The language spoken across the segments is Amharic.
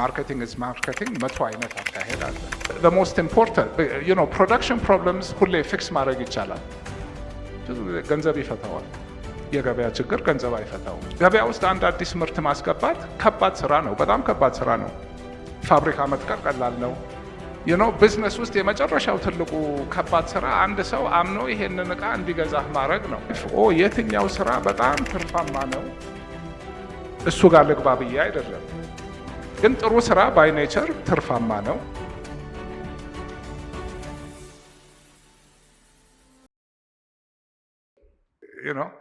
ማርኬቲንግ ኢዝ ማርኬቲንግ መቶ አይነት አካሄድ አለ። ዘ ሞስት ኢምፖርታንት ዩ ኖ ፕሮዳክሽን ፕሮብለምስ ሁሌ ፊክስ ማድረግ ይቻላል። ብዙ ጊዜ ገንዘብ ይፈታዋል። የገበያ ችግር ገንዘብ አይፈታውም። ገበያ ውስጥ አንድ አዲስ ምርት ማስገባት ከባድ ስራ ነው፣ በጣም ከባድ ስራ ነው። ፋብሪካ መትቀር ቀላል ነው። ዩ ኖ ቢዝነስ ውስጥ የመጨረሻው ትልቁ ከባድ ስራ አንድ ሰው አምኖ ይሄንን እቃ እንዲገዛህ ማድረግ ነው። ኦ የትኛው ስራ በጣም ትርፋማ ነው እሱ ጋር ልግባ ብዬ አይደለም ግን ጥሩ ስራ ባይ ኔቸር ትርፋማ ነው።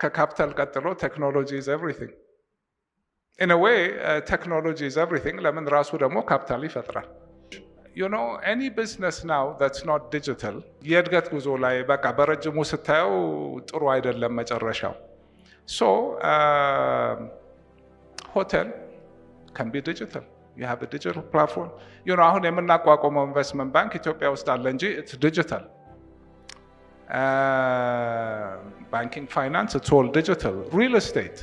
ከካፒታል ቀጥሎ ቴክኖሎጂ ኢዝ ኤቭሪቲንግ ኢን ዌይ ቴክኖሎጂ ኢዝ ኤቭሪቲንግ። ለምን ራሱ ደግሞ ካፒታል ይፈጥራል። ዩ ኖ ኤኒ ቢዝነስ ናው ዛትስ ኖት ዲጂታል የእድገት ጉዞ ላይ በቃ በረጅሙ ስታየው ጥሩ አይደለም መጨረሻው። ሶ ሆቴል ከን ቢ ዲጂታል ዩ ዲጂታል ፕላትፎርም ዩ አሁን የምናቋቋመው ኢንቨስትመንት ባንክ ኢትዮጵያ ውስጥ አለ እንጂ ዲጂታል ባንኪንግ ፋይናንስ ኦል ዲጂታል ሪል ስቴት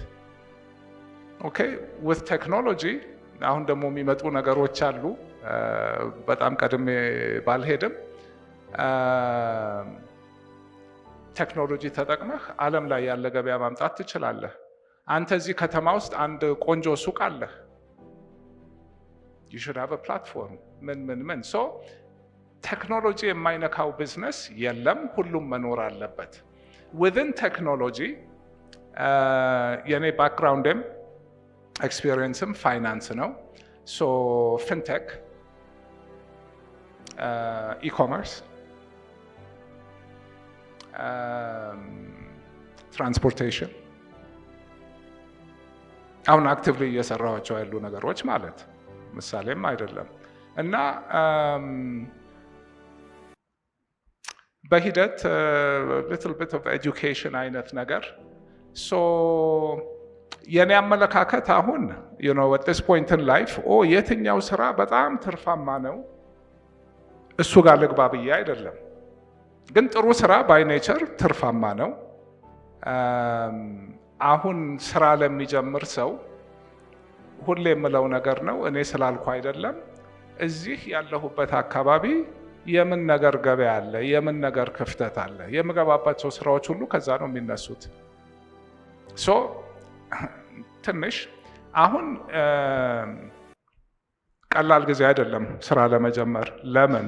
ኦኬ ዊዝ ቴክኖሎጂ አሁን ደግሞ የሚመጡ ነገሮች አሉ። uh, በጣም ቀድሜ ባልሄድም ቴክኖሎጂ uh, ተጠቅመህ ዓለም ላይ ያለ ገበያ ማምጣት ትችላለህ። አንተ እዚህ ከተማ ውስጥ አንድ ቆንጆ ሱቅ አለህ። You should have a platform ምን ምን ምን ሶ ቴክኖሎጂ የማይነካው ቢዝነስ የለም። ሁሉም መኖር አለበት። ዊዝን ቴክኖሎጂ የእኔ ባክግራውንድም ኤክስፒሪየንስም ፋይናንስ ነው። ሶ ፊንቴክ፣ ኢኮመርስ፣ ትራንስፖርቴሽን አሁን አክቲቭሊ እየሰራኋቸው ያሉ ነገሮች ማለት ምሳሌም አይደለም እና በሂደት ሊትል ቢት ኦፍ ኤጁኬሽን አይነት ነገር ሶ የኔ አመለካከት አሁን ወጤስ ፖይንትን ላይፍ ኦ የትኛው ስራ በጣም ትርፋማ ነው እሱ ጋር ልግባ ብዬ አይደለም። ግን ጥሩ ስራ ባይ ኔቸር ትርፋማ ነው። አሁን ስራ ለሚጀምር ሰው ሁሌ የምለው ነገር ነው። እኔ ስላልኩ አይደለም። እዚህ ያለሁበት አካባቢ የምን ነገር ገበያ አለ፣ የምን ነገር ክፍተት አለ፣ የምገባባቸው ስራዎች ሁሉ ከዛ ነው የሚነሱት። ሶ ትንሽ አሁን ቀላል ጊዜ አይደለም ስራ ለመጀመር። ለምን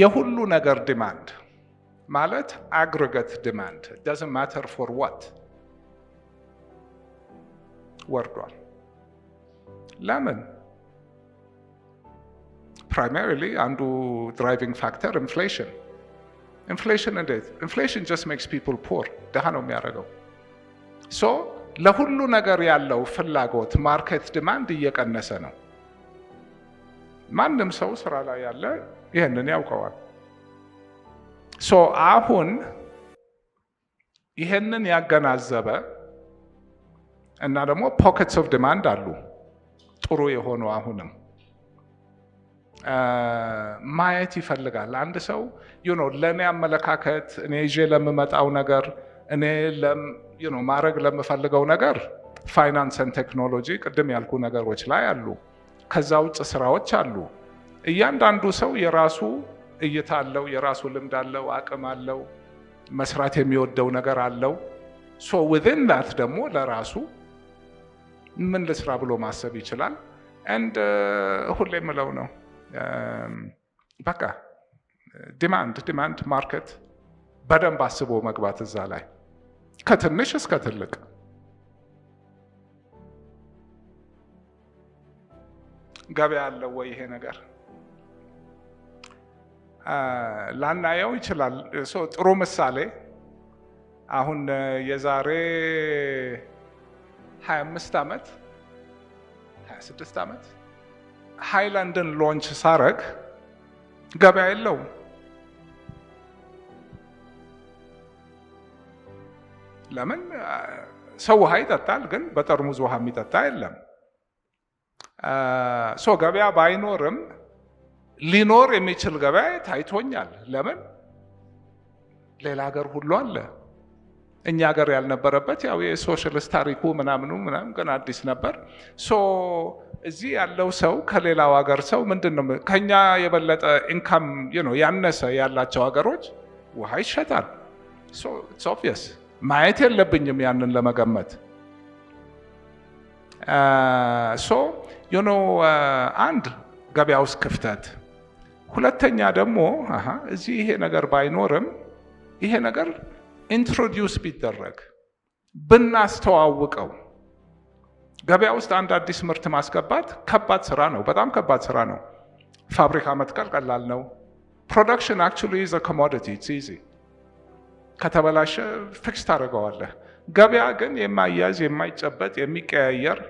የሁሉ ነገር ዲማንድ ማለት አግሪገት ዲማንድ ዳዝንት ማተር ፎር ዋት ወርዷል። ለምን? ፕራይማሪሊ አንዱ ድራይቪንግ ፋክተር ኢንፍሌሽን። ኢንፍሌሽን እንዴት? ኢንፍሌሽን ጀስት ሜክስ ፒፕል ፖር፣ ድሃ ነው የሚያደርገው። ሶ ለሁሉ ነገር ያለው ፍላጎት ማርኬት ዲማንድ እየቀነሰ ነው። ማንም ሰው ስራ ላይ ያለ ይህንን ያውቀዋል። ሶ አሁን ይህንን ያገናዘበ እና ደግሞ ፖኬትስ ኦፍ ዲማንድ አሉ ጥሩ የሆኑ አሁንም ማየት ይፈልጋል። አንድ ሰው ዩኖ ለእኔ አመለካከት እኔ ይዤ ለምመጣው ነገር እኔ ማድረግ ለምፈልገው ነገር ፋይናንስን ቴክኖሎጂ ቅድም ያልኩ ነገሮች ላይ አሉ። ከዛ ውጭ ስራዎች አሉ። እያንዳንዱ ሰው የራሱ እይታ አለው፣ የራሱ ልምድ አለው፣ አቅም አለው፣ መስራት የሚወደው ነገር አለው። ሶ ዊዝን ዳት ደግሞ ለራሱ ምን ልስራ ብሎ ማሰብ ይችላል። እንድ uh, ሁሌ የምለው ነው um, በቃ ዲማንድ ዲማንድ ማርኬት በደንብ አስቦ መግባት እዛ ላይ ከትንሽ እስከ ትልቅ ገበያ አለው ወይ? ይሄ ነገር uh, ላናየው ይችላል። ጥሩ ምሳሌ አሁን uh, የዛሬ 25 ዓመት 26 ዓመት ሃይላንድን ሎንች ሳረግ ገበያ የለውም። ለምን? ሰው ውሃ ይጠጣል፣ ግን በጠርሙዝ ውሃ የሚጠጣ የለም። ሶ ገበያ ባይኖርም ሊኖር የሚችል ገበያ ታይቶኛል። ለምን? ሌላ ሀገር ሁሉ አለ። እኛ ሀገር ያልነበረበት ያው የሶሻሊስት ታሪኩ ምናምኑ ምናምን ገና አዲስ ነበር። ሶ እዚህ ያለው ሰው ከሌላው ሀገር ሰው ምንድን ነው ከኛ የበለጠ ኢንካም ያነሰ ያላቸው ሀገሮች ውሃ ይሸጣል። ኦብቪየስ ማየት የለብኝም ያንን ለመገመት ሶ ኖ አንድ ገበያ ውስጥ ክፍተት፣ ሁለተኛ ደግሞ እዚህ ይሄ ነገር ባይኖርም ይሄ ነገር ኢንትሮዲውስ ቢደረግ ብናስተዋውቀው ገበያ ውስጥ አንድ አዲስ ምርት ማስገባት ከባድ ስራ ነው። በጣም ከባድ ስራ ነው። ፋብሪካ መትከል ቀላል ነው። ፕሮዳክሽን አክቹዋሊ ኢዝ ኮሞዲቲ ኢትስ ኢዚ። ከተበላሸ ፊክስ ታደርገዋለህ። ገበያ ግን የማያዝ የማይጨበጥ የሚቀያየር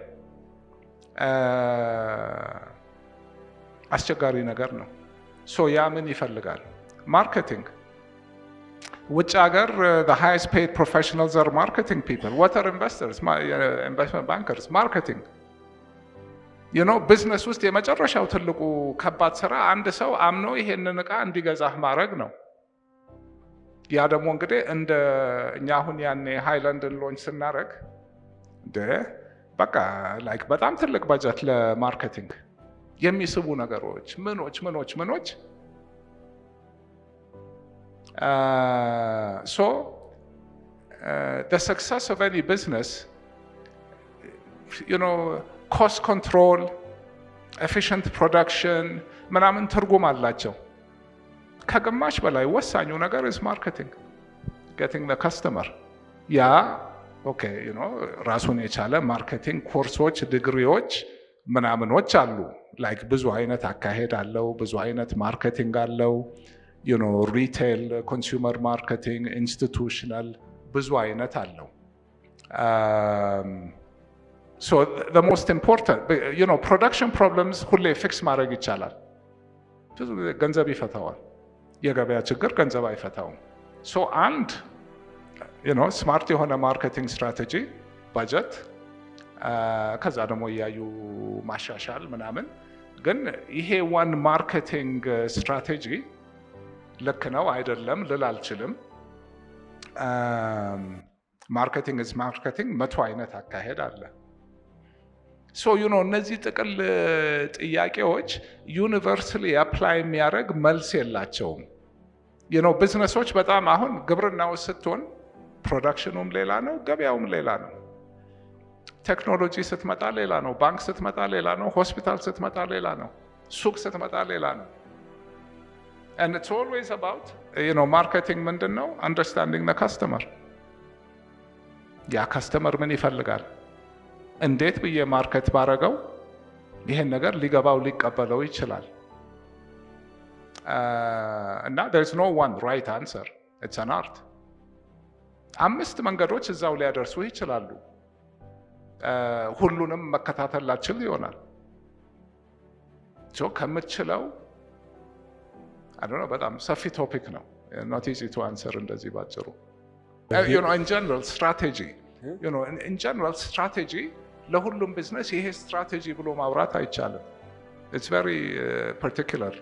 አስቸጋሪ ነገር ነው። ሶ ያ ምን ይፈልጋል? ማርኬቲንግ ውጭ ሀገር uh, the highest paid professionals are marketing people what are investors uh, investment bankers marketing you know ቢዝነስ ውስጥ የመጨረሻው ትልቁ ከባድ ስራ አንድ ሰው አምኖ ይሄንን እቃ እንዲገዛህ ማድረግ ነው። ያ ደግሞ እንግዲህ እንደ እኛ አሁን ያኔ ሃይላንድን ሎንች ስናደረግ በቃ ላይክ በጣም ትልቅ በጀት ለማርኬቲንግ የሚስቡ ነገሮች ምኖች ምኖች ምኖች Uh, so, uh, the success of any business, you know, cost control, ኤፊሽንት ፕሮዳክሽን ምናምን ትርጉም አላቸው። ከግማሽ በላይ ወሳኙ ነገር ኢዝ ማርኬቲንግ ጌቲንግ ዘ ከስተመር ያ ኦኬ ዩ ኖ ራሱን የቻለ ማርኬቲንግ ኮርሶች፣ ዲግሪዎች ምናምኖች አሉ። ላይክ ብዙ አይነት አካሄድ አለው። ብዙ አይነት ማርኬቲንግ አለው። you know ሪቴል ኮንሱመር ማርኬቲንግ ኢንስቲቱሽናል ብዙ አይነት አለው። ሶ ዘ ሞስት ኢምፖርታንት you know ፕሮዳክሽን ፕሮብለምስ ሁሌ ፊክስ ማድረግ ይቻላል። ብዙ ጊዜ ገንዘብ ይፈታዋል። የገበያ ችግር ገንዘብ አይፈታውም። ሶ አንድ you know ስማርት የሆነ ማርኬቲንግ ስትራቴጂ በጀት ከዛ ደግሞ እያዩ ማሻሻል ምናምን ግን ይሄ ዋን ማርኬቲንግ ስትራቴጂ ልክ ነው አይደለም ልል አልችልም። ማርኬቲንግ ዝ ማርኬቲንግ መቶ አይነት አካሄድ አለ። ሶ ዩ ኖ እነዚህ ጥቅል uh, ጥያቄዎች ዩኒቨርስሊ አፕላይ የሚያደርግ መልስ የላቸውም። ዩ ኖ ቢዝነሶች በጣም አሁን ግብርናው ስትሆን ፕሮዳክሽኑም ሌላ ነው፣ ገበያውም ሌላ ነው። ቴክኖሎጂ ስትመጣ ሌላ ነው፣ ባንክ ስትመጣ ሌላ ነው፣ ሆስፒታል ስትመጣ ሌላ ነው፣ ሱቅ ስትመጣ ሌላ ነው። and it's always about you know ማርኬቲንግ ምንድን ነው አንደርስታንዲንግ the customer ያ ከስተመር ምን ይፈልጋል እንዴት ብዬ ማርኬት ባረገው ይሄን ነገር ሊገባው ሊቀበለው ይችላል እና there is no one right answer it's an art አምስት መንገዶች እዛው ሊያደርሱ ይችላሉ ሁሉንም መከታተል ላችል ይሆናል ከምችለው I don't know, but I'm um, surfy topic now. Not easy to answer in the uh, You know, in general, strategy. Hmm? You know, in, general, strategy, business, he has strategy, it's very uh, particular.